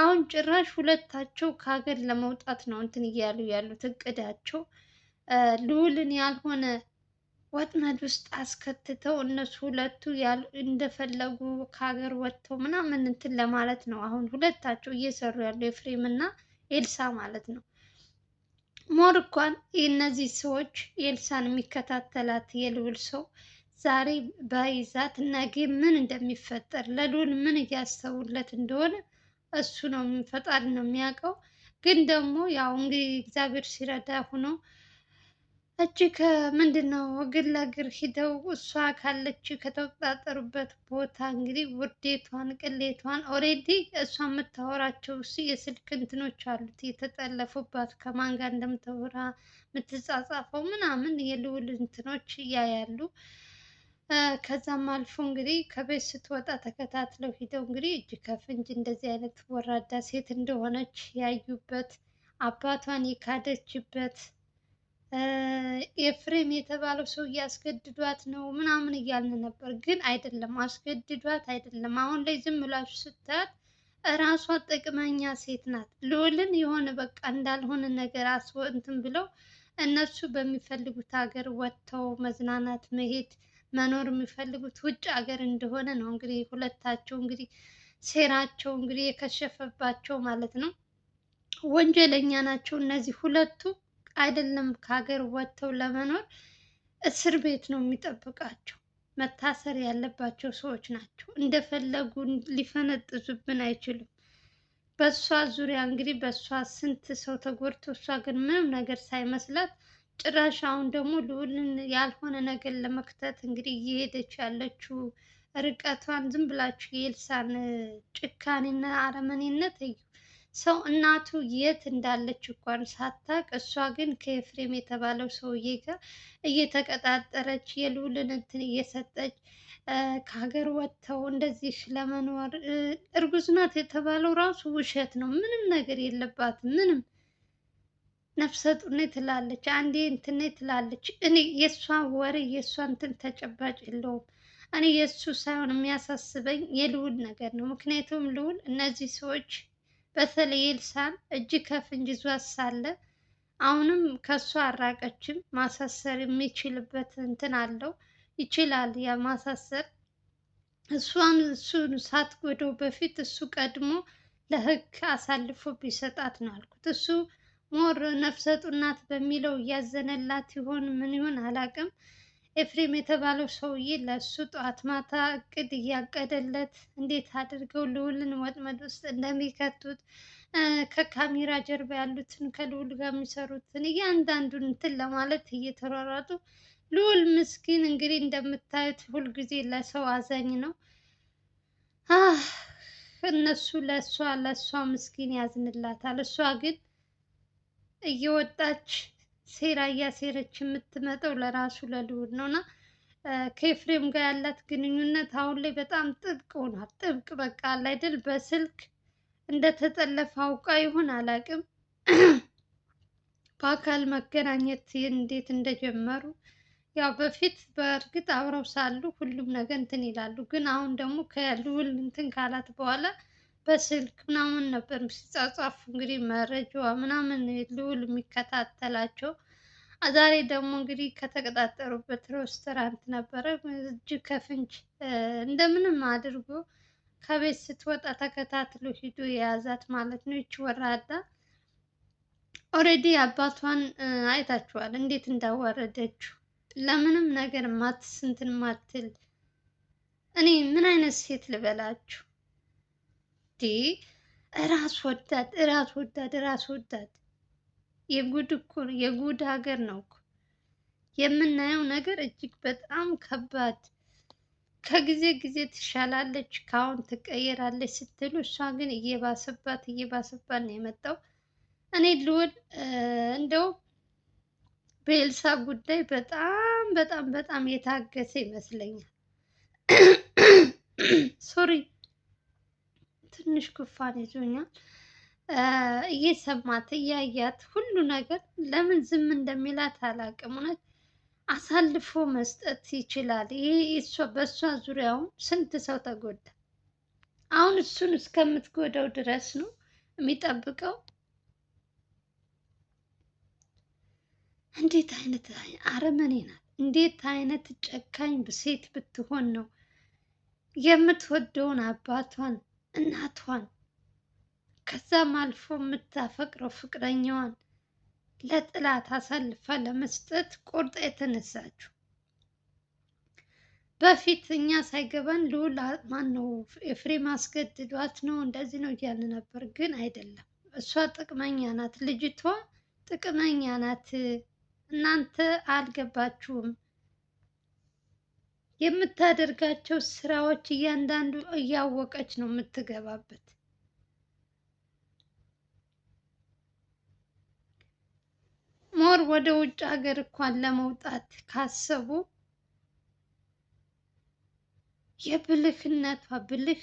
አሁን ጭራሽ ሁለታቸው ከሀገር ለመውጣት ነው እንትን እያሉ ያሉት። እቅዳቸው ልዑልን ያልሆነ ወጥመድ ውስጥ አስከትተው እነሱ ሁለቱ እንደፈለጉ ከሀገር ወጥተው ምናምን እንትን ለማለት ነው። አሁን ሁለታቸው እየሰሩ ያሉ ኤፍሬም እና ኤልሳ ማለት ነው። ሞር እንኳን እነዚህ ሰዎች ኤልሳን የሚከታተላት የልዑል ሰው ዛሬ በይዛት ነገ ምን እንደሚፈጠር ለልዑል ምን እያሰቡለት እንደሆነ እሱ ነው ፈጣሪ ነው የሚያውቀው። ግን ደግሞ ያው እንግዲህ እግዚአብሔር ሲረዳ ሆኖ እጅ ከምንድን ነው እግር ለእግር ሂደው እሷ ካለች ከተቆጣጠሩበት ቦታ እንግዲህ ውርዴቷን ቅሌቷን ኦሬዲ እሷ የምታወራቸው የስልክ እንትኖች አሉት የተጠለፉባት ከማን ጋር እንደምታወራ የምትጻጻፈው ምናምን የልዑል እንትኖች እያያሉ ከዛም አልፎ እንግዲህ ከቤት ስትወጣ ተከታትለው ሂደው እንግዲህ እጅ ከፍንጅ እንደዚህ አይነት ወራዳ ሴት እንደሆነች ያዩበት አባቷን የካደችበት ኤፍሬም የተባለው ሰው እያስገድዷት ነው ምናምን እያልን ነበር፣ ግን አይደለም አስገድዷት አይደለም። አሁን ላይ ዝም ብላችሁ ስታያት እራሷ ጥቅመኛ ሴት ናት። ልዑልን የሆነ በቃ እንዳልሆነ ነገር አስወ እንትን ብለው እነሱ በሚፈልጉት ሀገር ወጥተው መዝናናት መሄድ መኖር የሚፈልጉት ውጭ ሀገር እንደሆነ ነው። እንግዲህ ሁለታቸው እንግዲህ ሴራቸው እንግዲህ የከሸፈባቸው ማለት ነው። ወንጀለኛ ናቸው እነዚህ ሁለቱ። አይደለም ከሀገር ወጥተው ለመኖር እስር ቤት ነው የሚጠብቃቸው። መታሰር ያለባቸው ሰዎች ናቸው። እንደፈለጉ ሊፈነጥዙብን አይችሉም። በእሷ ዙሪያ እንግዲህ በእሷ ስንት ሰው ተጎድቶ እሷ ግን ምንም ነገር ሳይመስላት ጭራሽ አሁን ደግሞ ልዑልን ያልሆነ ነገር ለመክተት እንግዲህ እየሄደች ያለችው ርቀቷን ዝም ብላችሁ የኤልሳን ጭካኔና አረመኔነት እዩ። ሰው እናቱ የት እንዳለች እንኳን ሳታቅ፣ እሷ ግን ከኤፍሬም የተባለው ሰውዬ ጋር እየተቀጣጠረች የልዑልን እንትን እየሰጠች ከሀገር ወጥተው እንደዚህ ለመኖር እርጉዝ ናት የተባለው ራሱ ውሸት ነው። ምንም ነገር የለባትም ምንም ነፍሰ ጡር ነኝ ትላለች፣ አንዴ እንትን ነኝ ትላለች። እኔ የእሷን ወሬ የእሷን እንትን ተጨባጭ የለውም። እኔ የእሱ ሳይሆን የሚያሳስበኝ የልውል ነገር ነው። ምክንያቱም ልውል እነዚህ ሰዎች በተለይ ኤልሳን እጅ ከፍንጅ ይዟት ሳለ አሁንም ከእሱ አራቀችም። ማሳሰር የሚችልበት እንትን አለው ይችላል ማሳሰር እሷን እሱን ሳትጎደው በፊት እሱ ቀድሞ ለህግ አሳልፎ ቢሰጣት ነው አልኩት። እሱ ሞር ነፍሰ ጡር ናት በሚለው እያዘነላት ይሆን ምን ይሆን አላውቅም። ኤፍሬም የተባለው ሰውዬ ለሱ ጠዋት ማታ እቅድ እያቀደለት እንዴት አድርገው ልዑልን ወጥመድ ውስጥ እንደሚከቱት ከካሜራ ጀርባ ያሉትን ከልዑል ጋር የሚሰሩትን እያንዳንዱን እንትን ለማለት እየተሯሯጡ ልዑል ምስኪን እንግዲህ እንደምታዩት ሁልጊዜ ለሰው አዘኝ ነው። እነሱ ለእሷ ለእሷ ምስኪን ያዝንላታል። እሷ ግን እየወጣች ሴራ እያሴረች የምትመጣው ለራሱ ለልዑል ነው እና ከኤፍሬም ጋር ያላት ግንኙነት አሁን ላይ በጣም ጥብቅ ሆኗል። ጥብቅ በቃ አለ አይደል? በስልክ እንደተጠለፈ አውቃ ይሆን አላውቅም። በአካል መገናኘት እንዴት እንደጀመሩ ያው በፊት በእርግጥ አብረው ሳሉ ሁሉም ነገር እንትን ይላሉ፣ ግን አሁን ደግሞ ከልዑል እንትን ካላት በኋላ በስልክ ምናምን ነበር ሲጻጻፉ እንግዲህ መረጃዋ ምናምን ልውል የሚከታተላቸው። ዛሬ ደግሞ እንግዲህ ከተቀጣጠሩበት ሬስቶራንት ነበረ እጅ ከፍንጅ እንደምንም አድርጎ ከቤት ስትወጣ ተከታትሎ ሂዶ የያዛት ማለት ነው። ይች ወራዳ ኦልሬዲ አባቷን አይታችኋል እንዴት እንዳዋረደችው። ለምንም ነገር ማትስንትን ማትል እኔ ምን አይነት ሴት ልበላችሁ? እራስ ወዳድ ራስ ወዳድ እራስ ወዳድ የጉድ እኮ ነው። የጉድ ሀገር ነው እኮ የምናየው ነገር እጅግ በጣም ከባድ። ከጊዜ ጊዜ ትሻላለች፣ ከአሁን ትቀየራለች ስትሉ እሷ ግን እየባሰባት እየባሰባት ነው የመጣው። እኔ ልውል እንደው በኤልሳ ጉዳይ በጣም በጣም በጣም የታገሰ ይመስለኛል። ሶሪ ትንሽ ጉንፋን ይዞኛል። እየሰማት እያያት ሁሉ ነገር ለምን ዝም እንደሚላት አላውቅም። እውነት አሳልፎ መስጠት ይችላል። ይህ በእሷ ዙሪያውም ስንት ሰው ተጎዳ። አሁን እሱን እስከምትጎዳው ድረስ ነው የሚጠብቀው። እንዴት አይነት አረመኔ ናት! እንዴት አይነት ጨካኝ ሴት ብትሆን ነው የምትወደውን አባቷን እናቷን ከዛም አልፎ የምታፈቅረው ፍቅረኛዋን ለጥላት አሳልፋ ለመስጠት ቆርጣ የተነሳችው። በፊት እኛ ሳይገባን ልዑል ማን ነው ኤፍሬም አስገድዷት ነው እንደዚህ ነው እያለ ነበር። ግን አይደለም፣ እሷ ጥቅመኛ ናት፣ ልጅቷ ጥቅመኛ ናት። እናንተ አልገባችሁም የምታደርጋቸው ስራዎች እያንዳንዱ እያወቀች ነው የምትገባበት። ሞር ወደ ውጭ ሀገር እንኳን ለመውጣት ካሰቡ የብልህነቷ ብልህ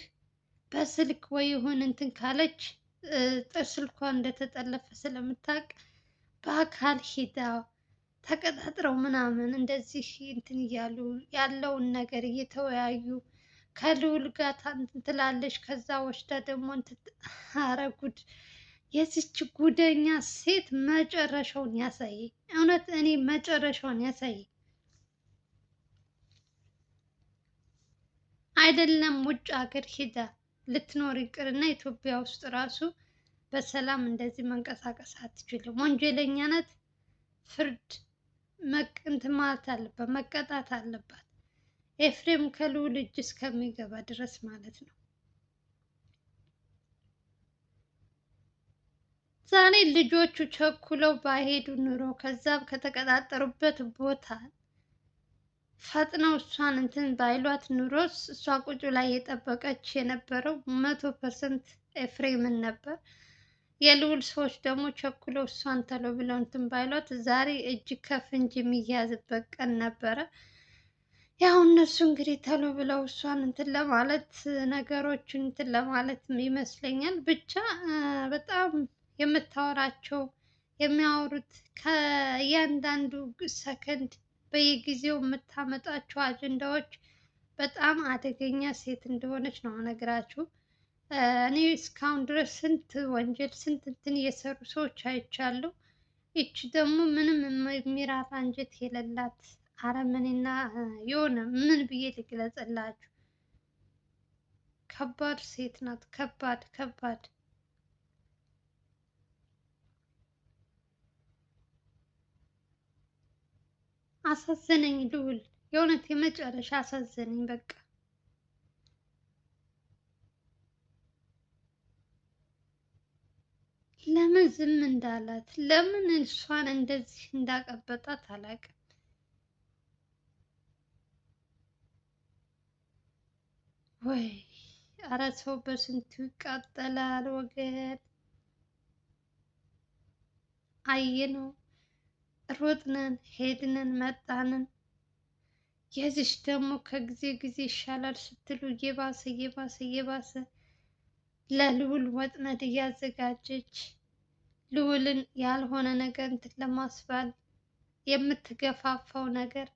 በስልክ ወይ ይሁን እንትን ካለች ጥርስልኳ ስልኳ እንደተጠለፈ ስለምታውቅ በአካል ሂዳ ተቀጣጥረው ምናምን እንደዚህ እንትን እያሉ ያለውን ነገር እየተወያዩ ከልዑል ጋር ትላለች። ከዛ ወስዳ ደግሞ ኧረ ጉድ! የዚች ጉደኛ ሴት መጨረሻውን ያሳይ እውነት እኔ መጨረሻውን ያሳይ አይደለም ውጭ ሀገር ሂዳ ልትኖር ይቅርና ኢትዮጵያ ውስጥ ራሱ በሰላም እንደዚህ መንቀሳቀስ አትችልም። ወንጀለኛ ናት። ፍርድ እንትን ማለት አለባት፣ መቀጣት አለባት። ኤፍሬም ከልውል እጅ እስከሚገባ ድረስ ማለት ነው። ዛሬ ልጆቹ ቸኩለው ባይሄዱ ኑሮ ከዛ ከተቀጣጠሩበት ቦታ ፈጥነው እሷን እንትን ባይሏት ኑሮስ እሷ ቁጭ ላይ የጠበቀች የነበረው መቶ ፐርሰንት ኤፍሬምን ነበር። የልዑል ሰዎች ደግሞ ቸኩለው እሷን ተለው ብለው እንትን ባይሏት ዛሬ እጅ ከፍንጅ የሚያዝበት ቀን ነበረ። ያው እነሱ እንግዲህ ተለው ብለው እሷን እንትን ለማለት ነገሮችን እንትን ለማለት ይመስለኛል። ብቻ በጣም የምታወራቸው የሚያወሩት ከእያንዳንዱ ሰከንድ በየጊዜው የምታመጣቸው አጀንዳዎች በጣም አደገኛ ሴት እንደሆነች ነው ነግራችሁ እኔ እስካሁን ድረስ ስንት ወንጀል ስንት እንትን እየሰሩ ሰዎች አይቻሉ። ይቺ ደግሞ ምንም የሚራራ አንጀት የሌላት አረመኔና የሆነ ምን ብዬ ልግለጽላችሁ? ከባድ ሴት ናት። ከባድ ከባድ አሳዘነኝ ልዑል የእውነት የመጨረሻ አሳዘነኝ በቃ። ዝም እንዳላት ለምን እሷን እንደዚህ እንዳቀበጣት አላውቅም። ወይ አረ ሰው በስንቱ ይቃጠላል ወገን። አየነው፣ ሮጥነን፣ ሄድነን፣ መጣንን። የዚች ደግሞ ከጊዜ ጊዜ ይሻላል ስትሉ እየባሰ እየባሰ እየባሰ ለልዑል ወጥመድ እያዘጋጀች ልዑልን ያልሆነ ነገር እንትን ለማስባል የምትገፋፋው ነገር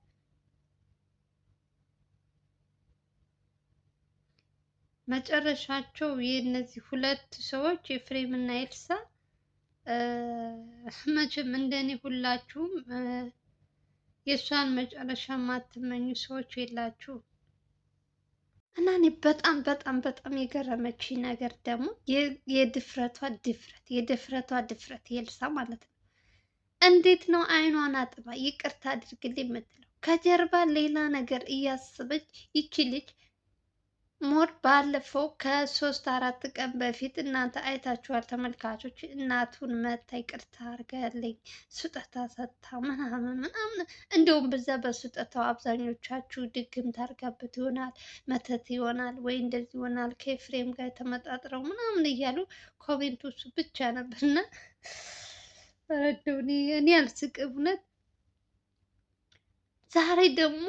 መጨረሻቸው የእነዚህ ሁለት ሰዎች የፍሬም እና ኤልሳ መቼም እንደኔ ሁላችሁም የእሷን መጨረሻ የማትመኙ ሰዎች የላችሁም። እና እኔ በጣም በጣም በጣም የገረመችኝ ነገር ደግሞ የድፍረቷ ድፍረት የድፍረቷ ድፍረት የልሳ ማለት ነው። እንዴት ነው አይኗን አጥባ ይቅርታ አድርግልኝ የምትለው ከጀርባ ሌላ ነገር እያሰበች ይቺ ልጅ ሞር ባለፈው ከሶስት አራት ቀን በፊት እናንተ አይታችኋል ተመልካቾች፣ እናቱን መታ ይቅርታ አድርጋለኝ ስጦታ ሰጥታ ምናምን ምናምን። እንደውም በዛ በስጦታው አብዛኞቻችሁ ድግም ታርጋበት ይሆናል፣ መተት ይሆናል፣ ወይ እንደዚህ ይሆናል፣ ከፍሬም ጋር የተመጣጥረው ምናምን እያሉ ኮሜንቱ እሱ ብቻ ነበርና እኔ አልስቅ እውነት ዛሬ ደግሞ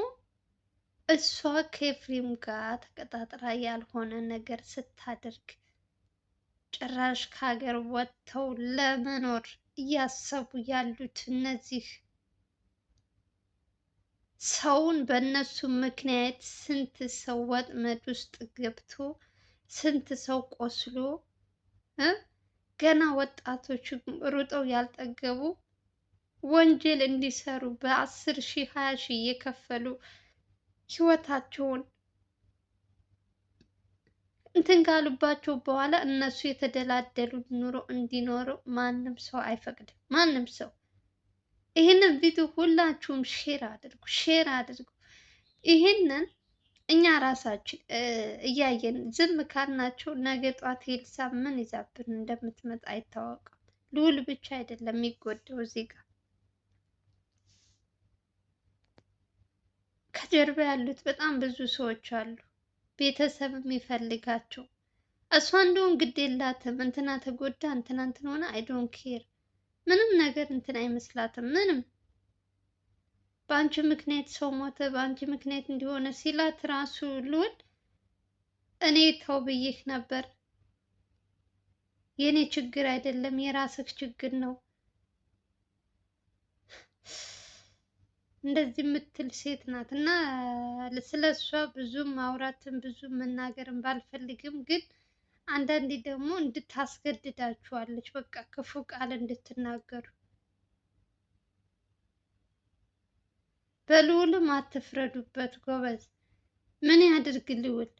እሷ ከኤፍሬም ጋር ተቀጣጥራ ያልሆነ ነገር ስታደርግ ጭራሽ ከሀገር ወጥተው ለመኖር እያሰቡ ያሉት እነዚህ ሰውን በእነሱ ምክንያት ስንት ሰው ወጥመድ ውስጥ ገብቶ ስንት ሰው ቆስሎ ገና ወጣቶች ሩጠው ያልጠገቡ ወንጀል እንዲሰሩ በአስር ሺህ ሀያ ሺህ እየከፈሉ ህይወታቸውን እንትን ካሉባቸው በኋላ እነሱ የተደላደሉት ኑሮ እንዲኖሩ ማንም ሰው አይፈቅድም። ማንም ሰው ይህንን ቪዲዮ ሁላችሁም ሼር አድርጉ፣ ሼር አድርጉ። ይህንን እኛ ራሳችን እያየን ዝም ካልናቸው ነገ ጧት ሄልሳ ምን ይዛብን እንደምትመጣ አይታወቅም። ልዑል ብቻ አይደለም የሚጎዳው እዚህ ጋር ከጀርባ ያሉት በጣም ብዙ ሰዎች አሉ። ቤተሰብም ይፈልጋቸው። እሷ እንደውም ግድ የላትም እንትና ተጎዳ እንትና እንትን ሆነ አይዶን ኬር ምንም ነገር እንትን አይመስላትም። ምንም በአንቺ ምክንያት ሰው ሞተ፣ በአንቺ ምክንያት እንዲሆነ ሲላት ራሱ ልውል እኔ ተው ብዬሽ ነበር። የእኔ ችግር አይደለም የራስህ ችግር ነው እንደዚህ የምትል ሴት ናት እና ስለ እሷ ብዙ ማውራትን ብዙ መናገርን ባልፈልግም፣ ግን አንዳንዴ ደግሞ እንድታስገድዳችኋለች በቃ ክፉ ቃል እንድትናገሩ። በልዑልም አትፍረዱበት ጎበዝ። ምን ያድርግ ልዑል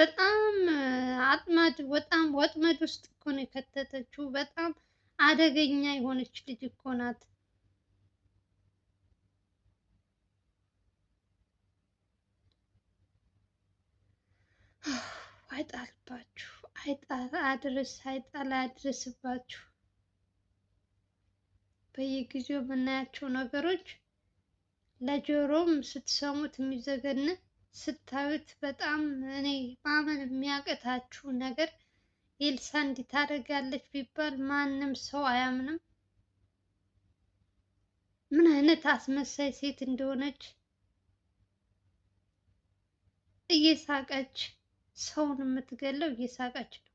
በጣም አጥመድ በጣም ወጥመድ ውስጥ እኮ ነው የከተተችው በጣም አደገኛ የሆነች ልጅ እኮ ናት። አይጣልባችሁ፣ አይጣል አድርስ፣ አይጣል አያድርስባችሁ። በየጊዜው የምናያቸው ነገሮች ለጆሮም ስትሰሙት የሚዘገንን ስታዩት በጣም እኔ ማመን የሚያቅታችሁ ነገር ኤልሳ እንዲህ ታደርጋለች ቢባል ማንም ሰው አያምንም። ምን አይነት አስመሳይ ሴት እንደሆነች እየሳቀች ሰውን የምትገለው እየሳቀች ነው።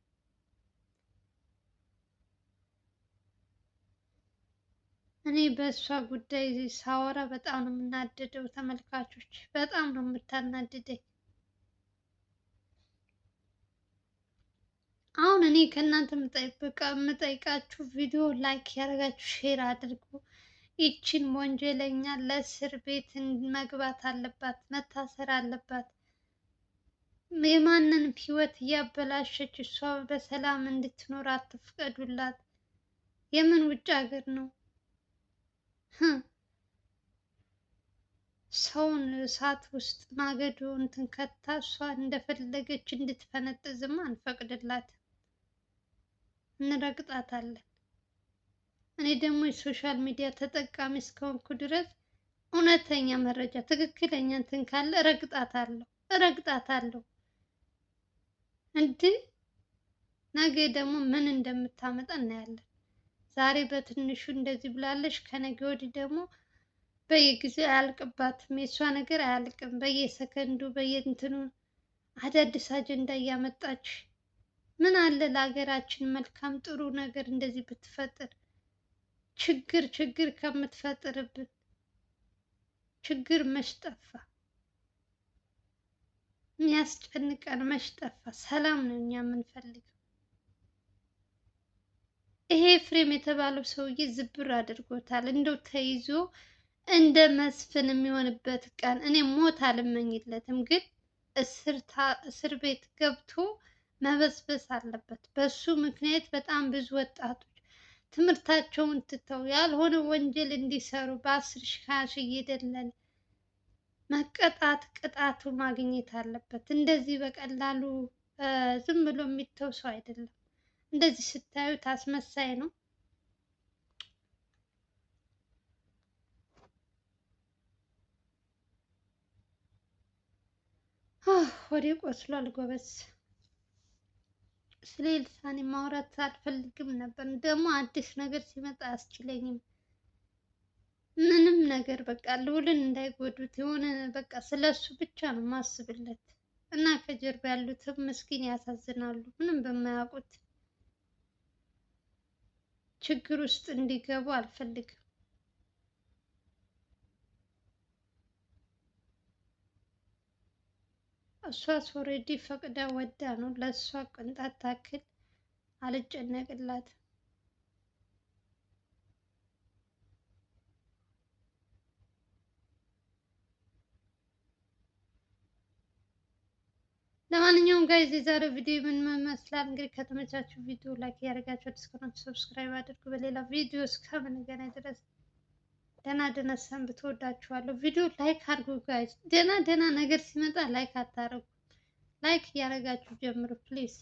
እኔ በእሷ ጉዳይ ሳወራ በጣም ነው የምናደደው። ተመልካቾች በጣም ነው የምታናድደኝ። አሁን እኔ ከእናንተ የምጠይቃችሁ ቪዲዮ ላይክ ያደረጋችሁ ሼር አድርጉ። ይችን ወንጀለኛ ለእስር ቤት መግባት አለባት፣ መታሰር አለባት። የማንን ህይወት እያበላሸች እሷ በሰላም እንድትኖር አትፍቀዱላት። የምን ውጭ ሀገር ነው ሰውን እሳት ውስጥ ማገዶ እንትን ከታ እሷ እንደፈለገች እንድትፈነጥዝም አንፈቅድላት። እንረግጣታለን። እኔ ደግሞ የሶሻል ሚዲያ ተጠቃሚ እስከሆንኩ ድረስ እውነተኛ መረጃ ትክክለኛ እንትን ካለ እረግጣታለሁ እረግጣታለሁ። እንዲህ ነገ ደግሞ ምን እንደምታመጣ እናያለን። ዛሬ በትንሹ እንደዚህ ብላለች፣ ከነገ ወዲህ ደግሞ በየጊዜው አያልቅባትም። የእሷ ነገር አያልቅም። በየሰከንዱ በየእንትኑ አዳዲስ አጀንዳ እያመጣች ምን አለ ለሀገራችን መልካም ጥሩ ነገር እንደዚህ ብትፈጥር ችግር ችግር ከምትፈጥርብን ችግር መሽጠፋ የሚያስጨንቀን መሽጠፋ ሰላም ነው እኛ የምንፈልገው። ይሄ ፍሬም የተባለው ሰውዬ ዝብር አድርጎታል። እንደው ተይዞ እንደ መስፍን የሚሆንበት ቀን እኔ ሞት አልመኝለትም፣ ግን እስር ቤት ገብቶ መበስበስ አለበት። በሱ ምክንያት በጣም ብዙ ወጣቶች ትምህርታቸውን ትተው ያልሆነ ወንጀል እንዲሰሩ በአስር ሺህ ሀያ ሺህ እየደለለ መቀጣት ቅጣቱ ማግኘት አለበት። እንደዚህ በቀላሉ ዝም ብሎ የሚተው ሰው አይደለም። እንደዚህ ስታዩት አስመሳይ ነው። ወደ ቆስሏል ጎበዝ። ስለ ኤልሳኔ ማውራት አልፈልግም ነበር። ደግሞ አዲስ ነገር ሲመጣ አያስችለኝም። ምንም ነገር በቃ ልዑልን እንዳይጎዱት የሆነ በቃ ስለ እሱ ብቻ ነው ማስብለት እና ከጀርባ ያሉትም ምስኪን ያሳዝናሉ። ምንም በማያውቁት ችግር ውስጥ እንዲገቡ አልፈልግም። እሷ ሶሬዲ ፈቅዳ ወዳ ነው። ለእሷ ቅንጣት ታክል አልጨነቅላት። ለማንኛውም ጋይዝ የዛሬው ቪዲዮ ምን መመስላል? እንግዲህ ከተመቻችሁ ቪዲዮ ላይክ እያደረጋችሁ ዲስኮናችሁ ሰብስክራይብ አድርጉ። በሌላ ቪዲዮ እስከምንገናኝ ድረስ ደህና ደህና ሰንብት። እወዳችኋለሁ። ቪዲዮ ላይክ አድርጉ ጋይዝ። ደህና ደህና ነገር ሲመጣ ላይክ አታረጉ። ላይክ እያደረጋችሁ ጀምሩ ፕሊዝ።